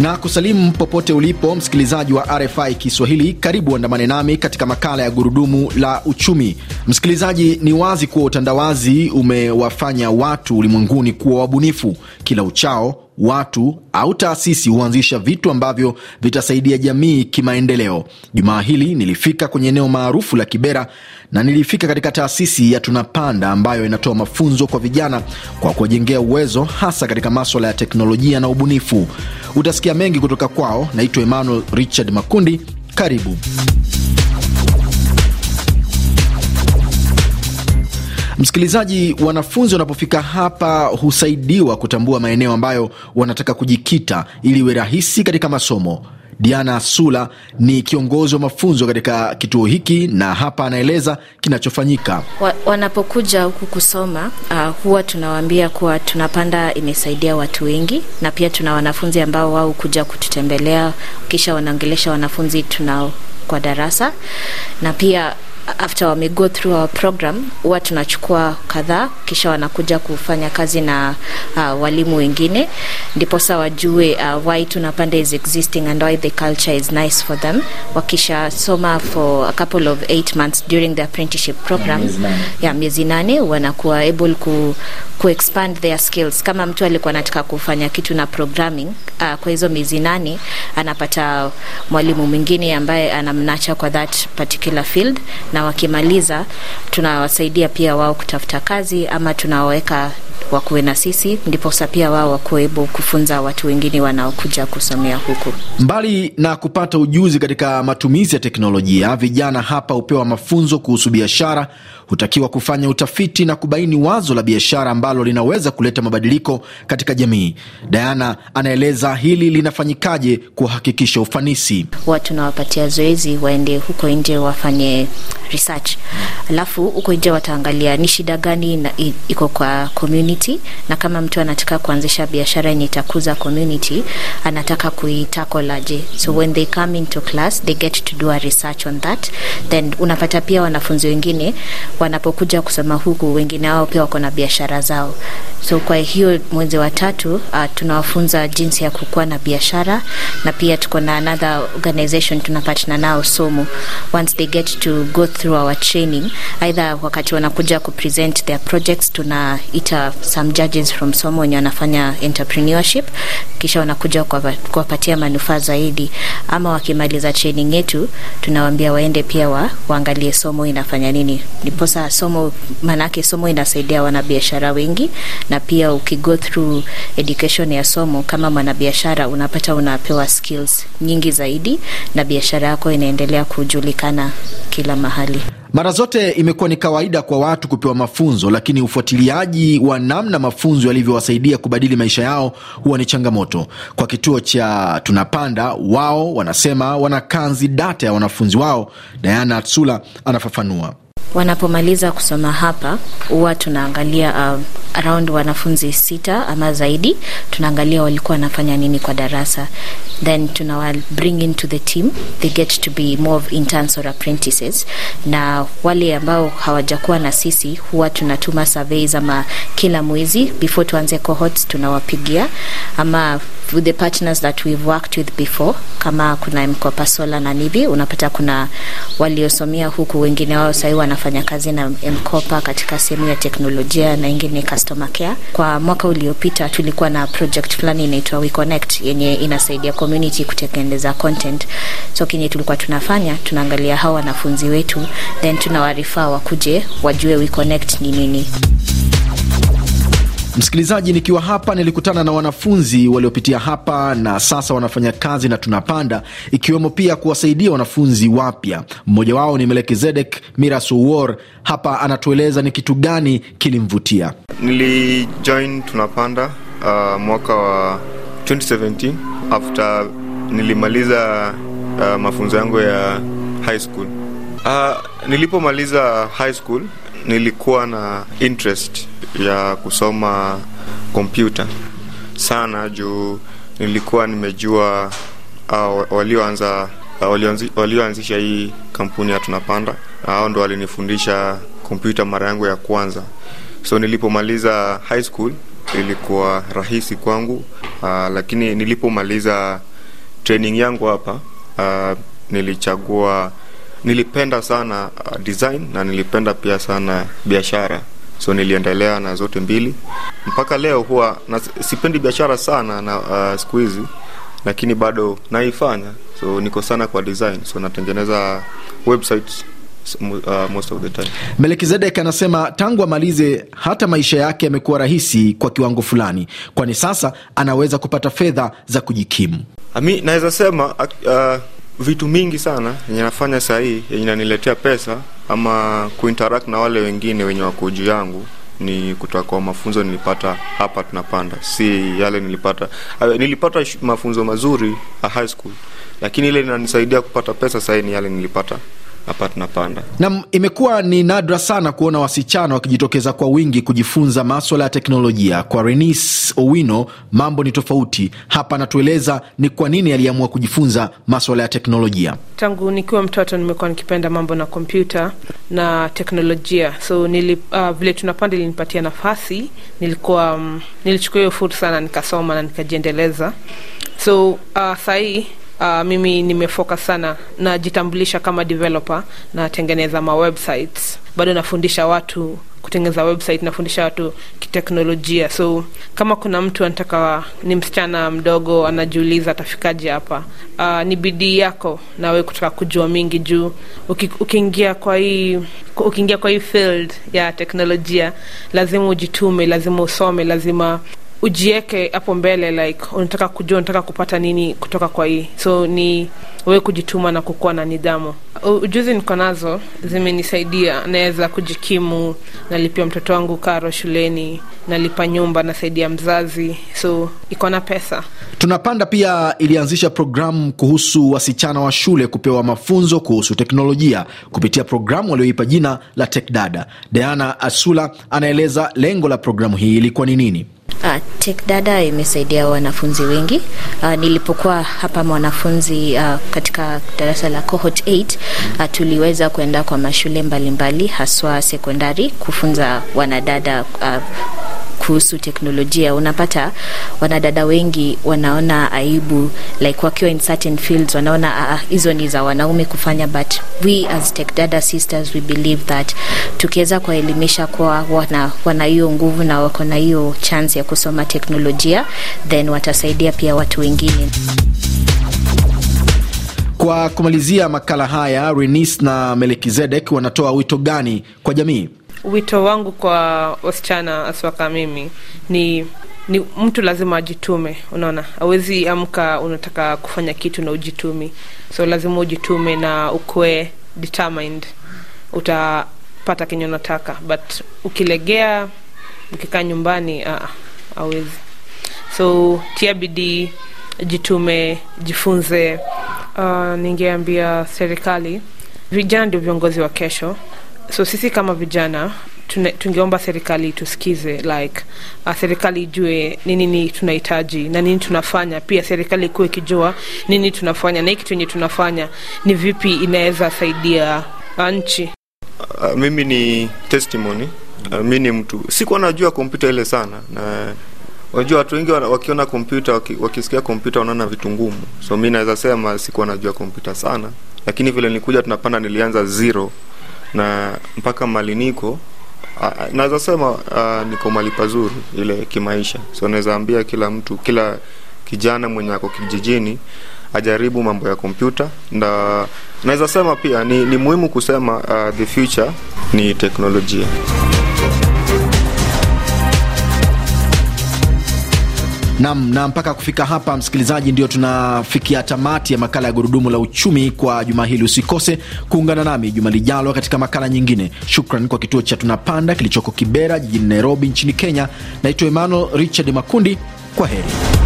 na kusalimu popote ulipo msikilizaji wa RFI Kiswahili. Karibu andamane nami katika makala ya gurudumu la uchumi. Msikilizaji, ni wazi kuwa utandawazi umewafanya watu ulimwenguni kuwa wabunifu. Kila uchao watu au taasisi huanzisha vitu ambavyo vitasaidia jamii kimaendeleo. Jumaa hili nilifika kwenye eneo maarufu la Kibera na nilifika katika taasisi ya Tunapanda ambayo inatoa mafunzo kwa vijana kwa kuwajengea uwezo hasa katika maswala ya teknolojia na ubunifu. Utasikia mengi kutoka kwao. Naitwa Emmanuel Richard Makundi, karibu. Msikilizaji, wanafunzi wanapofika hapa husaidiwa kutambua maeneo ambayo wanataka kujikita ili iwe rahisi katika masomo. Diana Sula ni kiongozi wa mafunzo katika kituo hiki na hapa anaeleza kinachofanyika. Wa, wanapokuja huku kusoma uh, huwa tunawaambia kuwa Tunapanda imesaidia watu wengi, na pia tuna wanafunzi ambao wao kuja kututembelea, kisha wanaongelesha wanafunzi tunao kwa darasa na pia after wame go through our program huwa tunachukua kadhaa, kisha wanakuja kufanya kazi na uh, walimu wengine, ndipo sa wajue uh, why Tunapanda is existing and why the culture is nice for them. Wakishasoma for a couple of eight months during the apprenticeship program ya yeah, miezi nane wanakuwa able ku kuexpand their skills. Kama mtu alikuwa anataka kufanya kitu na programming uh, kwa hizo miezi nane anapata mwalimu mwingine ambaye anamnacha kwa that particular field, na wakimaliza tunawasaidia pia wao kutafuta kazi ama tunawaweka wakuwe na sisi, ndiposa pia wao wakuwepo kufunza watu wengine wanaokuja kusomea huku. Mbali na kupata ujuzi katika matumizi ya teknolojia, vijana hapa hupewa mafunzo kuhusu biashara, hutakiwa kufanya utafiti na kubaini wazo la biashara ambalo linaweza kuleta mabadiliko katika jamii. Diana anaeleza hili linafanyikaje kuhakikisha ufanisi. Watu nawapatia zoezi waende huko nje wafanye research, alafu huko nje wataangalia ni shida gani iko kwa community community, na kama mtu anataka kuanzisha biashara yenye itakuza community anataka kuitackle aje. So when they come into class they get to do a research on that, then unapata pia wanafunzi wengine wanapokuja kusoma huku, wengine wao pia wako na biashara zao. So kwa hiyo mwezi wa tatu uh, tunawafunza jinsi ya kukuwa na biashara na pia tuko na another organization tunapatana nao somo. Once they get to go through our training, either wakati wanakuja kupresent their projects tunaita some judges from Somo wenye wanafanya entrepreneurship, kisha wanakuja kuwapatia manufaa zaidi, ama wakimaliza training yetu tunawaambia waende pia wa, waangalie Somo inafanya nini, niposa Somo manake Somo inasaidia wanabiashara wengi, na pia ukigo through education ya Somo kama mwanabiashara unapata unapewa skills nyingi zaidi na biashara yako inaendelea kujulikana kila mahali. Mara zote imekuwa ni kawaida kwa watu kupewa mafunzo, lakini ufuatiliaji wa namna mafunzo yalivyowasaidia kubadili maisha yao huwa ni changamoto. Kwa kituo cha Tunapanda, wao wanasema wana kanzi data ya wanafunzi wao. Diana Atsula anafafanua. Wanapomaliza kusoma hapa huwa tunaangalia uh, around wanafunzi sita ama zaidi, tunaangalia walikuwa wanafanya nini kwa darasa, then tunawa bring into the team, they get to be more of interns or apprentices. Na wale ambao hawajakuwa na sisi huwa tunatuma surveys ama kila mwezi before tuanze cohorts tunawapigia ama with the partners that we've worked with before, kama kuna Mkopa Sola na Nivi, unapata kuna waliosomea huku, wengine wao sahii wanafanya kazi na Mkopa katika sehemu ya teknolojia na ingine wengine customer care. Kwa mwaka uliopita tulikuwa na project fulani inaitwa We Connect yenye inasaidia community kutekeleza content. So kinye tulikuwa tunafanya tunaangalia hao wanafunzi wetu then tunawarifaa wakuje wajue We Connect ni nini. Msikilizaji, nikiwa hapa nilikutana na wanafunzi waliopitia hapa na sasa wanafanya kazi na Tunapanda, ikiwemo pia kuwasaidia wanafunzi wapya. Mmoja wao ni melkizedek Mirasuwor. Hapa anatueleza ni kitu gani kilimvutia. Nilijoin Tunapanda uh, mwaka wa 2017 after nilimaliza uh, mafunzo yangu ya high school Uh, nilipomaliza high school nilikuwa na interest ya kusoma kompyuta sana juu nilikuwa nimejua uh, walioanza uh, walioanzisha hii kampuni ya tunapanda hao ndo walinifundisha kompyuta mara yangu ya kwanza so nilipomaliza high school ilikuwa rahisi kwangu uh, lakini nilipomaliza training yangu hapa uh, nilichagua nilipenda sana uh, design na nilipenda pia sana biashara so niliendelea na zote mbili mpaka leo. Huwa na, sipendi biashara sana na uh, siku hizi lakini bado naifanya, so niko sana kwa design, so natengeneza websites Uh, most of the time. Melkizedek anasema tangu amalize hata maisha yake yamekuwa rahisi kwa kiwango fulani, kwani sasa anaweza kupata fedha za kujikimu. Ami naweza sema uh, vitu mingi sana yenye nafanya saa hii yenye naniletea pesa ama kuinteract na wale wengine wenye wakuju yangu ni kutoka kwa mafunzo nilipata hapa tunapanda, si yale nilipata. Nilipata mafunzo mazuri a high school, lakini ile inanisaidia kupata pesa sahii ni yale nilipata hapa tunapanda. Na imekuwa ni nadra sana kuona wasichana wakijitokeza kwa wingi kujifunza maswala ya teknolojia. Kwa Renis Owino mambo ni tofauti. Hapa anatueleza ni kwa nini aliamua kujifunza maswala ya teknolojia. Tangu nikiwa mtoto nimekuwa nikipenda mambo na kompyuta na teknolojia, so nili, uh, vile tunapanda ilinipatia nafasi, nilikuwa um, nilichukua hiyo fursa na nikasoma na nikajiendeleza, so uh, sahii uh, mimi nimefoka sana, najitambulisha kama developer, natengeneza ma websites, bado nafundisha watu kutengeneza website, nafundisha watu kiteknolojia. So kama kuna mtu anataka, ni msichana mdogo anajiuliza atafikaje hapa, uh, ni bidii yako nawe kutaka kujua mingi juu uki, ukiingia kwa hii ukiingia kwa hii field ya teknolojia lazima ujitume, lazima usome, lazima ujieke hapo mbele like unataka kujua unataka kupata nini kutoka kwa hii so ni wewe kujituma na kukuwa na nidhamu ujuzi niko nazo zimenisaidia naweza kujikimu nalipia mtoto wangu karo shuleni nalipa nyumba nasaidia mzazi so iko na pesa tunapanda pia ilianzisha programu kuhusu wasichana wa shule kupewa mafunzo kuhusu teknolojia kupitia programu walioipa jina la tekdada diana asula anaeleza lengo la programu hii ilikuwa ni nini Uh, ah, Tech Dada imesaidia wanafunzi wengi. Uh, nilipokuwa hapa mwanafunzi uh, katika darasa la cohort 8 uh, tuliweza kwenda kwa mashule mbalimbali mbali, haswa sekondari kufunza wanadada uh, kuhusu teknolojia, unapata wanadada wengi wanaona aibu like wakiwa in certain fields wanaona ah, ah, hizo ni za wanaume kufanya, but we as tech dada sisters we believe that tukiweza kuwaelimisha kuwa wana wana hiyo nguvu na wako na hiyo chance ya kusoma teknolojia, then watasaidia pia watu wengine. Kwa kumalizia makala haya, Renis na Melkizedek wanatoa wito gani kwa jamii? wito wangu kwa wasichana aswaka mimi ni ni mtu lazima ajitume. Unaona, awezi amka unataka kufanya kitu na ujitumi, so lazima ujitume na ukwe determined, utapata kenye unataka. But ukilegea ukikaa nyumbani, uh, ah, ah, awezi. So tia bidii, jitume, jifunze. Uh, ningeambia serikali, vijana ndio viongozi wa kesho. So sisi kama vijana tune, tungeomba serikali tusikize, like uh, serikali ijue ni nini tunahitaji na nini tunafanya. Pia serikali ikuwa ikijua nini tunafanya na hii kitu yenye tunafanya ni vipi inaweza saidia ah, nchi. Uh, mimi ni testimony uh, mi ni mtu sikuwa najua kompyuta ile sana na Unajua watu wengi wakiona kompyuta wakisikia kompyuta wanaona vitu ngumu. So mi naweza sema sikuwa najua kompyuta sana, lakini vile nikuja tunapanda, nilianza zero na mpaka mali niko naweza sema niko mali pazuri ile kimaisha, so naweza ambia kila mtu, kila kijana mwenye ako kijijini ajaribu mambo ya kompyuta, na naweza sema pia ni, ni muhimu kusema uh, the future ni teknolojia. Nam na mpaka kufika hapa, msikilizaji, ndio tunafikia tamati ya makala ya gurudumu la uchumi kwa juma hili. Usikose kuungana nami juma lijalo katika makala nyingine. Shukran kwa kituo cha Tunapanda kilichoko Kibera jijini Nairobi nchini Kenya. Naitwa Emmanuel Richard Makundi, kwa heri.